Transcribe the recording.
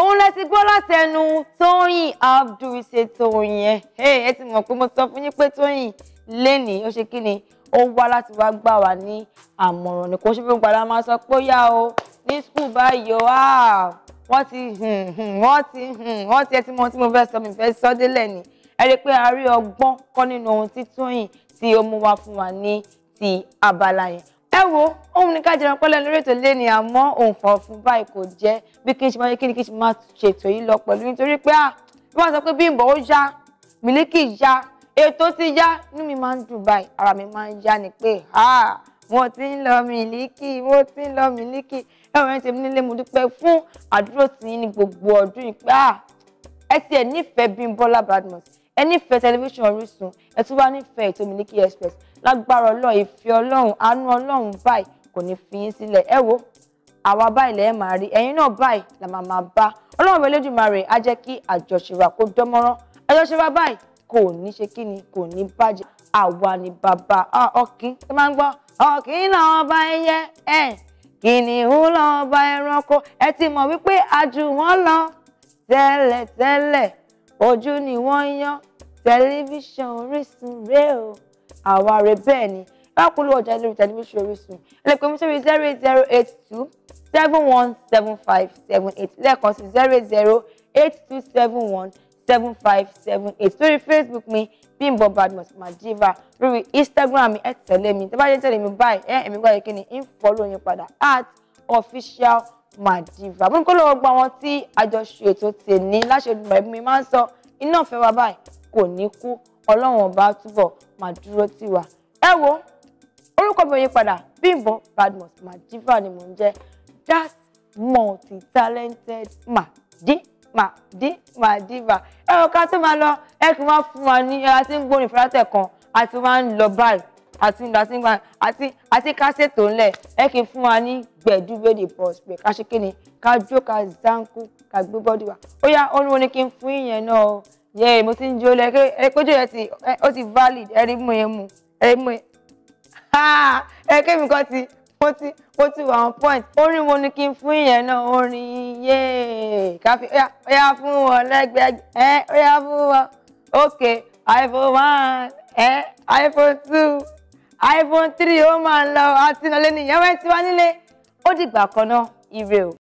òun lẹ ti gbọ́ látẹnu Tóyìn Abdulṣetóyìn ẹ ẹ ti mọ̀ pé mo sọ fún yín pé Tóyìn lénìí ó ṣe kí ni ó wá láti wá gbà wá ní àmọ̀ràn ní kò ṣe pé gbàdá máa sọ pé ó yá o ní skul báyìí o ah, wọ́n ti hmm, hmm, wọ́n ti hmm, wọ́n ti ẹ ti mọ ohun tí mo fẹ́ sọ mi fẹ́ sọ délẹ̀ ni ẹ rí i pé a rí ọgbọ́n kọ́ nínú ohun tí Tóyìn tí ó mú wá fún wa ní ti abala yẹn ẹ wo òun ní ká jẹun pẹ́lẹ́ lórí ètò lé ní àmọ́ òun fọ̀ fún báyìí kò jẹ́ bí kí n ṣe máa kí ni kí n ṣe máa ṣètò yìí lọ pẹ̀lú nítorí pé à bí wọ́n sọ pé Bímbọ́ ó yá Mílíkì yá ètò ti yá inú mi máa ń dùn báyìí ara mi máa ń yá ni pé mo ti ń lọ Mílíkì mo ti ń lọ Mílíkì ẹ̀rọ ẹ̀ tèmi nílé mo dúpẹ́ fún àdúró tì ní gbogbo ọdún yìí pé ẹ tiẹ̀ nífẹ̀ẹ́ Bímbọ́lá Badmus ẹ nífẹ̀ẹ́ tẹlifíṣàn Orísun ẹ tún wá nífẹ̀ẹ́ ètò Miliki Express lágbára ọlọ́run ìfẹ́ ọlọ́run àánú ọlọ́run báyìí kò ní fi yín sílẹ̀ ẹ wo àwa báyìí lẹ́ẹ̀ máa rí ẹ̀yin náà báyìí là máa máa bá ọlọ́run Elédùmarè á jẹ́ kí àjọṣe wa kó dánmọ́rán àjọṣe wa báyìí kò ní ṣe kí ni kò ní bàjẹ́ àwa ni bàbá ọkìn tó máa ń gbọ́ ọkìn náà bá ẹyẹ ẹ kìnìún lọ́ọ́ bá ẹranko ẹ ti mọ̀ wípé a jù wọ́n lọ tẹ́lẹ̀tẹ́lẹ̀ ojú ni wọ́n yán Television, Orísun rẹ o àwa rẹ bẹ́ẹ̀ ni bá a polówó ọjà lórí tẹlifíṣàn Orísun ẹ lè sórí zero eight zero eight two seven one seven five seven eight lẹ́ẹ̀kan sí zero eight zero eight two seven one seven five seven eight lórí Facebook mi Bimbo Badmus Madiva lórí Instagram mi ẹ tẹ̀lé mi tẹ́ bá yẹ mi báyìí ẹ ẹ̀mí gbọ́dọ̀ kí ni ń fọ́lọ́ yín padà at official madiva mo ní kó lọ́wọ́ gba wọn tí àjọṣe ètò tèmi láṣẹ ìdùnnú ẹ̀bùn mi máa ń sọ iná ọ̀fẹ́ wa báyìí kò ní kú ọlọ́run ọba túbọ̀ máa dúró tì wá. ẹ wo orúkọ mi ò yí padà Bímbọ́ Badmus Madiva ni mò ń jẹ́ that multi-talented Madi Madi Madiva. ẹ wọ ká tó máa lọ ẹ kì í máa fún wa ní ẹ àti ń gbórin fúlátẹ̀ kan àti máa ń lọ báyìí àti àti àti àti kásètò ńlẹ̀ ẹ kì í fún wa ní gbẹ̀dúgbẹ̀dì pọ̀sùpẹ̀ ká ṣe kí ni ká jó ká zánkú ká gbé bọ́dì wa ó yá ó ni kí n fún yín náà o yẹ mo ti ń jó lẹ ẹ kójú rẹ ti ó ti valid ẹ rí mú yẹn mú ẹ rí mú yẹn ẹ kémi kan ti mo ti mo ti wà on point orin mo ní kí n fún yẹn náà orin yéé káfí ó yá fún wọn lẹ́gbẹ̀ẹ́ ẹ ó yá fún wọn ok iphone one ẹ iphone two iphone three ó máa ń lọ àti ìnáwó lẹ́nu ìyàwó ẹ ti wá nílé ó dìgbà kan náà ire o.